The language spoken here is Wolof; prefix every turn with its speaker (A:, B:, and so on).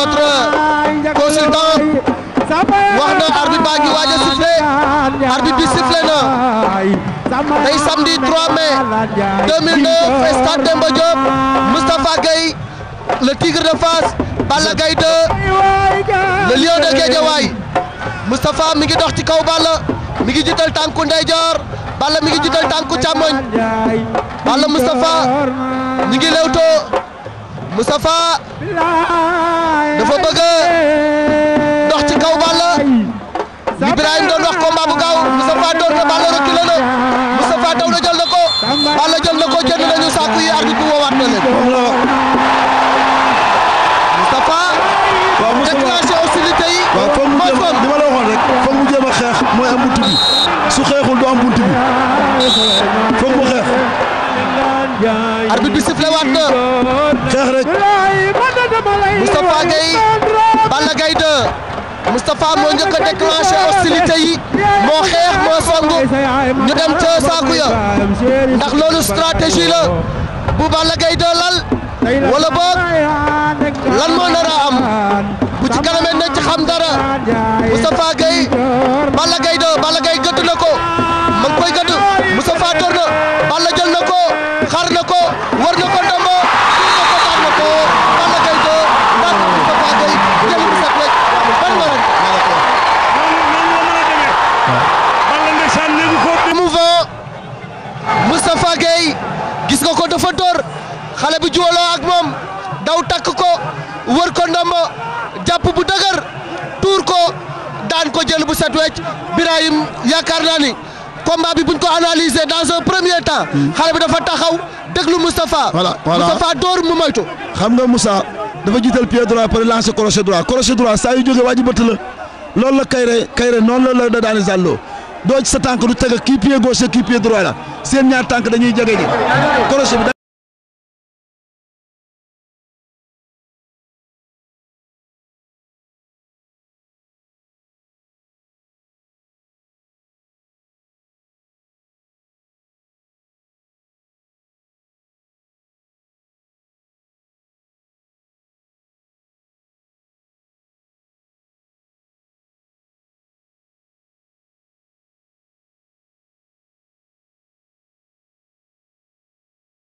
A: notre consultante wax na arbitre baa ngi a sifflé arbitre bi sifflé na tey samedi 3 mai 2009 stade Demba Diop Moustapha Gueye le tigre de Fass Balla Gaye 2 le lion de Guédiawaye Moustapha mi gi dox ci kaw Balla mi ngi jiital tànku ndeyjoor Balla mi ngi jiital tànku càmmoñ Balla Moustapha ñi ngi lewtoo Moustapha dafa bëgg dox ci kaw Balla Ibrahima doon wax combat bu gaaw Moustapha door na Balla reculé na Moustapha daw na jël na ko Balla jël na ko jënd nañu saako yi arbitre bi woowaat na leen. Moustapha. waaw Moustapha déclenché hostilité yi. waaw foog mu jéem a li ma la waxoon rek foog mu jéem a xeex mooy am buntu bi su xeexul du am buntu bi foog mu xeex. arbitre bi sifflé waat na. xeex rek. Moustapha Gueye. Moustapha moo njëkk a déclenché hostilité yi moo xeex moo songu ñu dem ca saaku ya ndax loolu stratégie la bu Balla Gaye doo lal wala boog lan moo nar a am bu ci kanamee nañ ci xam dara Moustapha Gueye Balla Gaye doo Balla Gaye gëdd na ko ma ngi koy gëdd Moustapha door na Balla jël na ko xar na ko war na ko ndombo gis nga ko dafa dóor xale bi juwaloo ak moom daw takk ko wër ko ndombo jàpp bu dëgër tuur ko daan ko jël bu set wecc Birahim yaakaar naa ni combat bi buñ ko analyser dans un premier temps. Hmm. xale bi dafa taxaw déglu Moustapha. voilà voilà Moustapha dóor mu moytu. xam nga Moussa dafa jiital pied droit pare lancer crochet droit crochet droit saa yu jógee waa ji bëtt la loolu la Kayre Kayre noonu la la daane Zallo. doo sa tànk du teg kii pied gauche kii pied droit la seen ñaar tànk dañuy jege ji crochet bi